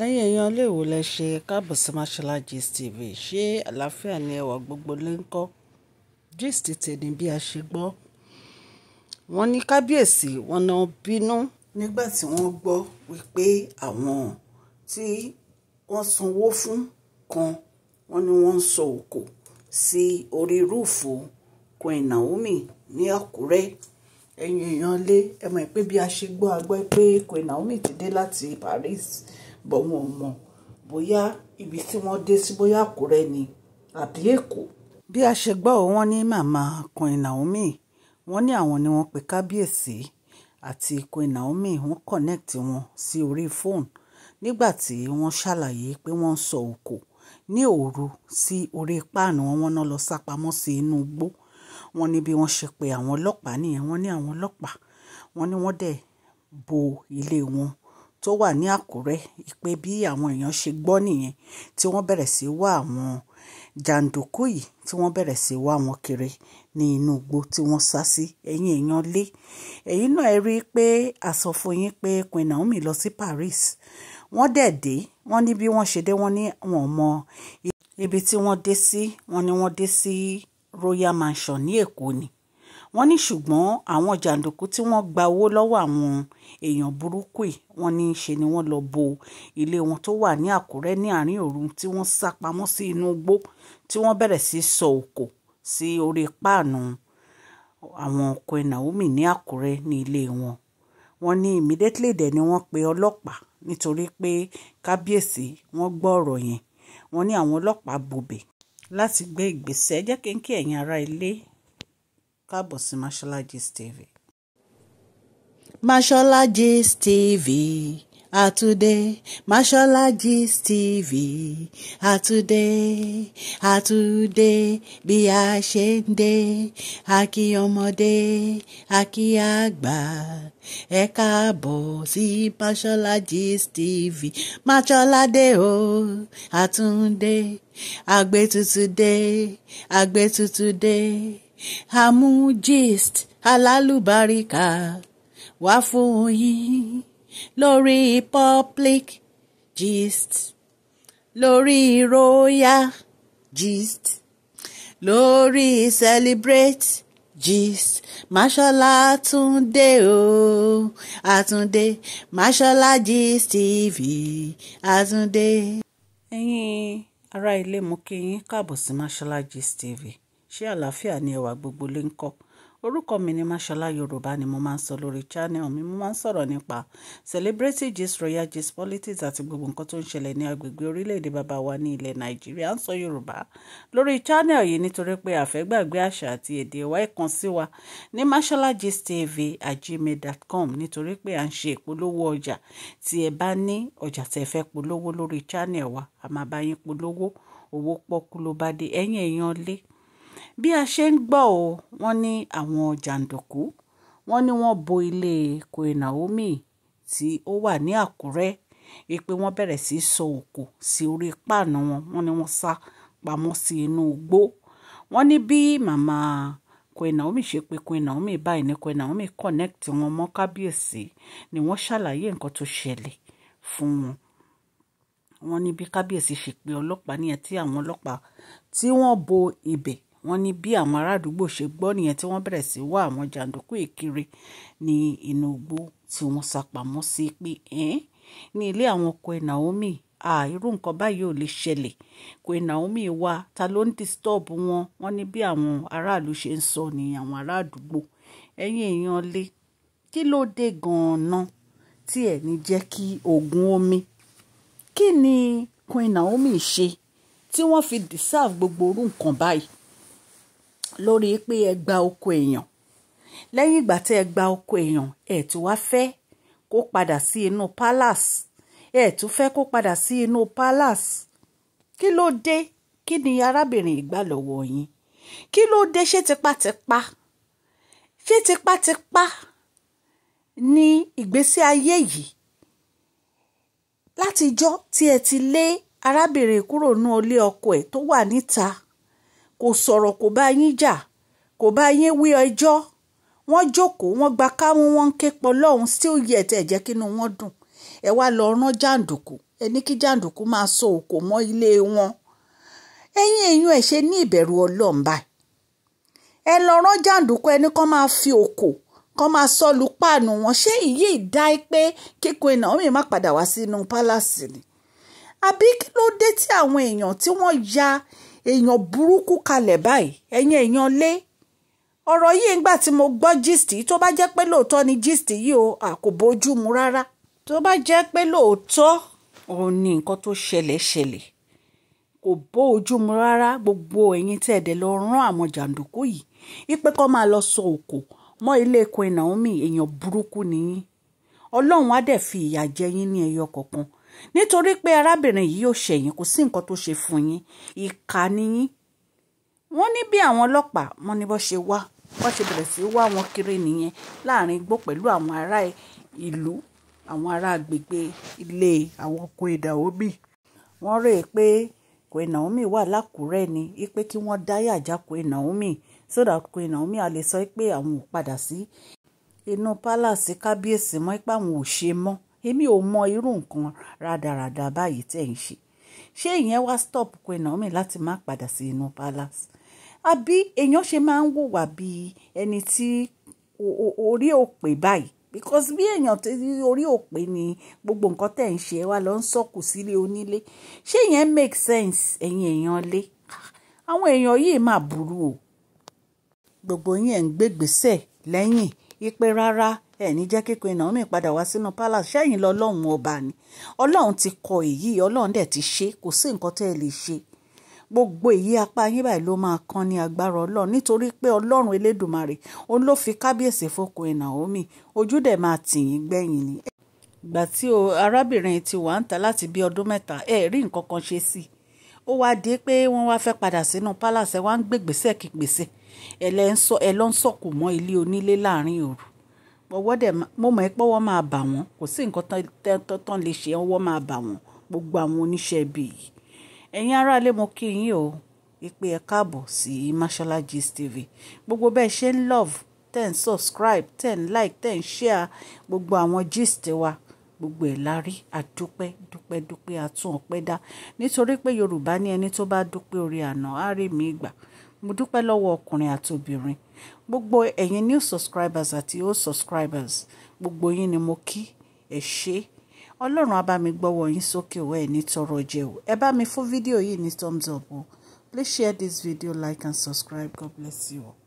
lẹ́yìn èèyàn léèwò lẹ ṣe káàbọ̀ sí Mashola Gist TV ṣé àlàáfíà ni ẹwà gbogbo lè ń kọ́ gist tèmi bí a ṣe gbọ́ wọ́n ní kábíyèsí wọn náà bínú nígbà tí wọ́n gbọ́ wípé àwọn tí wọ́n sanwó fún kan wọ́n ní wọ́n ń sọ òkò sí orí rúùfù Queen Naomi ní Àkúrẹ́ ẹ̀yìn èèyàn lé ẹ mọ̀ pé bí a ṣe gbọ́ a pé Queen Naomi ti dé láti Paris bọ́ wọn ò mọ̀ bóyá ibi tí wọ́n dé sí bóyá àkúrẹ́ ni àbí èkó. bí a ṣe gbọ́ ọ wọ́n ní màmá Queen Naomi wọ́n ní àwọn ni wọ́n pe kábíyèsí àti Queen Naomi wọ́n connect wọn sí orí fóònù nígbà tí wọ́n ṣàlàyé pé wọ́n ń sọ òkò ní òru sí orí páànù wọn wọ́n náà lọ sápamọ́ sí inú igbó wọ́n ní bí wọ́n ṣe pe àwọn ọlọ́pàá nìyẹn wọ́n ní àwọn ọlọ́pàá wọ́n ní wọ́n dẹ̀ bo ilé wọn tó wà ní Àkúrẹ́ pé bí àwọn èèyàn ṣe gbọ́ nìyẹn tí wọ́n bẹ̀rẹ̀ sí wá àwọn jàǹdùkú yìí tí wọ́n bẹ̀rẹ̀ sí wá wọn kiri ní inú igbó tí wọ́n sá sí ẹ̀yìn èèyàn lé èyí náà ẹ rí i pé àsọfún yín pé Queen Naomi lọ sí Paris wọ́n dẹ̀ dé wọ́n ní bí wọ́n ṣe dé wọ́n ní wọn mọ ibi tí wọ́n dé sí wọ́n ní wọ́n dé sí Royal Mansion ní Èkó ni wọ́n ní ṣùgbọ́n àwọn jàǹdùkú tí wọ́n gba owó lọ́wọ́ àwọn èèyàn burúkú yìí wọ́n ní ṣe ni wọ́n lọ bo ilé wọn tó wà ní Àkúrẹ́ ní àárín òru tí wọ́n sá pamọ́ sí inú igbó tí wọ́n bẹ̀rẹ̀ sí sọ òkò sí orí páànù àwọn Queen Naomi ní Àkúrẹ́ ní ilé wọn wọ́n ní immediately dẹ̀ ni wọ́n pe ọlọ́pàá nítorí pé kábíyèsí wọ́n gbọ́ ọ̀rọ̀ yẹn wọ́n ní àwọn ọlọ́pàá bòbè láti gbé ìgbésẹ̀ jẹ́ kí n kí ẹ̀yin ará ilé káàbọ̀ sí Mashola TV. Mashola TV àtúndé Mashola Gist TV àtúndé àtúndé bí a ṣe ń dé a kí ọmọdé a àgbà ẹ káàbọ̀ sí Mashola TV Mashola dé o àtúndé àgbétútù dé àgbétútù dé àmú gist alálùbáríkà wá fún yín lórí public gist lórí royal gist lórí celebrate gist máṣọ́lá túndé o àtúndé máṣọ́lá gist tv àtúndé. ẹ̀yin ará ilé mo kí yín káàbọ̀ sí máṣọ́lá gist tv ṣé àlàáfíà ni ẹwà gbogbo lè ń kọ́ orúkọ mi ni Mashola Yorùbá ni mo máa ń sọ lórí channel mi mo máa ń sọ̀rọ̀ nípa celebrity gist royal gist politics àti gbogbo nǹkan tó ń ṣẹlẹ̀ ní agbègbè orílẹ̀-èdè bàbá wa ní ilẹ̀ Nàìjíríà ń sọ Yorùbá lórí channel yìí nítorí pé àfẹ́gbàgbé àṣà àti èdè wa ẹ̀ kàn sí wa ní Mashola Gist TV agmail.com nítorí pé à ń ṣe ìpolówó ọjà tí ẹ bá ní ọjà tẹ́ fẹ́ polówó lórí channel wa a máa bá yín polówó owó pọ́kú ló bá dé ẹ̀yìn èèyàn lé bí a ṣe ń gbọ́ ọ wọ́n ní àwọn jàǹdùkú wọ́n ní wọ́n bo ilé Queen Naomi tí ó wà ní Àkúrẹ́ pé wọ́n bẹ̀rẹ̀ sí í sọ òkò sí orí páànù wọn wọ́n ní wọ́n sá pamọ́ sí inú igbó wọ́n ní bí màmá Queen ṣe pé Queen báyìí ní Queen connect wọn mọ́ kábíyèsí ni wọ́n ṣàlàyé nǹkan tó ṣẹlẹ̀ fún wọn wọ́n ní bí kábíyèsí ṣe pé ọlọ́pàá níyẹn tí àwọn ọlọ́pàá tí wọ́n bo ibẹ̀ wọ́n ní bí àwọn ará àdúgbò ṣe gbọ́ nìyẹn tí wọ́n bẹ̀rẹ̀ sí wá àwọn jàǹdùkú ìkiri ní inú igbó tí wọ́n sá pamọ́ sí pé ní ilé àwọn ọkọ ẹ̀ Naomi irú nǹkan báyìí ò lè ṣẹlẹ̀ kò Naomi wa ta ló ń disturb wọn wọ́n ní bí àwọn aráàlú ṣe ń sọ ní àwọn ará àdúgbò èèyàn lé kí ló dé gan-an tí ẹ̀ ní jẹ́ kí oògùn omi kí ni Queen Naomi ṣe tí wọ́n fi deserve gbogbo orú nǹkan báyìí lórí pé ẹ gba oko èèyàn lẹ́yìn ìgbà tí ẹ gba oko èèyàn ẹ tún wá fẹ́ kó padà sí inú palace ẹ tún fẹ́ kó padà sí inú palace kí ló dé kí ni arábìnrin ìgbà lọ́wọ́ yín kí ló dé ṣé tipátipá ṣé tipátipá ní ìgbésí ayé yìí látijọ́ tí ẹ ti lé arábìnrin kúrò ní ilé ọkọ ẹ̀ tó wà níta kò sọ̀rọ̀ kò bá yín jà kò bá yín wí ẹjọ́ wọ́n jókòó wọ́n gba kámú wọ́n ń ké pọ̀ lọ́hùn still yet ẹ̀ jẹ́ kínú wọn dùn ẹ wá lọ rán jàǹdùkú ẹ ní kí jàǹdùkú máa so òkò mọ́ ilé wọn ẹ̀yin èèyàn ẹ̀ ṣe ní ìbẹ̀rù ọlọ́run báyìí ẹ lọ rán jàǹdùkú ẹni kan máa fi òkò kan máa sọlù páànù wọn ṣé ìyí ìdá pé kíkun iná omi má padà wá sínú pálásì ni àbí kí ló dé tí àwọn èèyàn tí wọ́n ya èèyàn burúkú kalẹ̀ báyìí ẹ̀yin èèyàn lé ọ̀rọ̀ yìí ńgbà tí mo gbọ́ gist tó bá jẹ́ pé lóòótọ́ ni gist yìí o à kò bójú mu rárá tó bá jẹ́ pé lóòótọ́ òun ni nǹkan tó ṣẹlẹ̀ ṣẹlẹ̀ kò bó ojú mu rárá gbogbo ẹ̀yin tí ẹ̀dẹ̀ lọ rán àwọn jàǹdùkú yìí ipe kọ́ máa lọ sọ òkò mọ́ ilé Queen Naomi èèyàn burúkú nìyí ọlọ́run á dẹ̀ fi ìyà jẹ yín ní ẹyọ kọ̀ọ̀kan nítorí pé arábìnrin yìí yóò ṣẹ̀yìn kò sí nǹkan tó ṣe fún yín ìkà ni yín wọ́n ní bí àwọn ọlọ́pàá wọ́n ní bó ṣe wá bó ṣe bẹ̀rẹ̀ sí wá wọn kiri nìyẹn láàrin igbó pẹ̀lú àwọn ará ìlú àwọn ará agbègbè ilé àwọn Queen Naomi wọ́n rèé pé Queen Naomi wà lákùrẹ́ ni pé kí wọ́n dáyà já Queen Naomi so that Queen Naomi a lè sọ pé àwọn ò padà sí inú pálàsì kábíyèsí mọ́ pé àwọn ò ṣe mọ́ èmi ò mọ irú nǹkan rádaràda báyìí tẹ̀ ń ṣe ṣé ìyẹn wá stop Queen Naomi láti má padà sí inú palace àbí èèyàn ṣe máa ń wùwà bíi ẹni tí orí ò pé báyìí because bí èèyàn orí ò pé ni gbogbo nǹkan tẹ̀ ń ṣe wa lọ ń sọ̀kù sílé onílé ṣé ìyẹn make sense ẹ̀yin èèyàn lé àwọn èèyàn yìí mà burú o gbogbo yín ẹ̀ ń gbégbèsè lẹ́yìn ipe rárá ẹ ní jẹ́ kí Queen Naomi padà wá sínú palace ṣẹ́yìn lọ ọlọ́run ọba ni ọlọ́run ti kọ èyí ọlọ́run dẹ̀ ti ṣe kò sí nǹkan tẹ́ ẹ lè ṣe gbogbo èyí apá yín báyìí ló máa kan ní agbára ọlọ́run nítorí pé ọlọ́run elédùnmarè òun ló fi kábíyèsí fún Queen Naomi ojú dẹ̀ máa tì yín gbẹ̀yìn ni. ìgbà tí arábìnrin ti wà ń ta láti bí ọdún mẹ́ta ẹ rí nǹkan kan ṣe sí i ó wá di pé wọ́n wá fẹ́ padà sínú palace ẹ wá ń gbègbèsè kìgbèsè ẹ lọ ń sọ̀kù mọ́ ilé onílé láàrin òru ọwọ́ dẹ̀ mo mọ̀ pé ọwọ́ máa bà wọ́n kò sí nǹkan tán lè ṣe ọwọ́ máa bà wọ́n gbogbo àwọn oníṣẹ́ ibi yìí ẹ̀yin aráalé mo kí yín o ìpè ẹ̀ káàbọ̀ sí Mashola Gist TV gbogbo bẹ́ẹ̀ ṣe ń love ten subscribe ten like ten share gbogbo àwọn gist wa gbogbo ẹ̀ la rí àdúpẹ́ dúpẹ́ dúpẹ́ àtún ọpẹ́ dá nítorí pé Yorùbá ní ẹni tó bá dúpẹ́ orí àná á rí mi gbà mo dúpẹ́ lọ́wọ́ ọkùnrin àtobìnrin gbogbo ẹ̀yin new subscribers àti old subscribers gbogbo yín ni mo kí ẹ ṣé ọlọ́run á bá mi gbọ́wọ́ yín sókè ọ̀ ẹ̀ ní tọrọ jẹ o ẹ bá mi fún fídíò yìí ní thumbs up o please share this video like and subscribe god bless you all.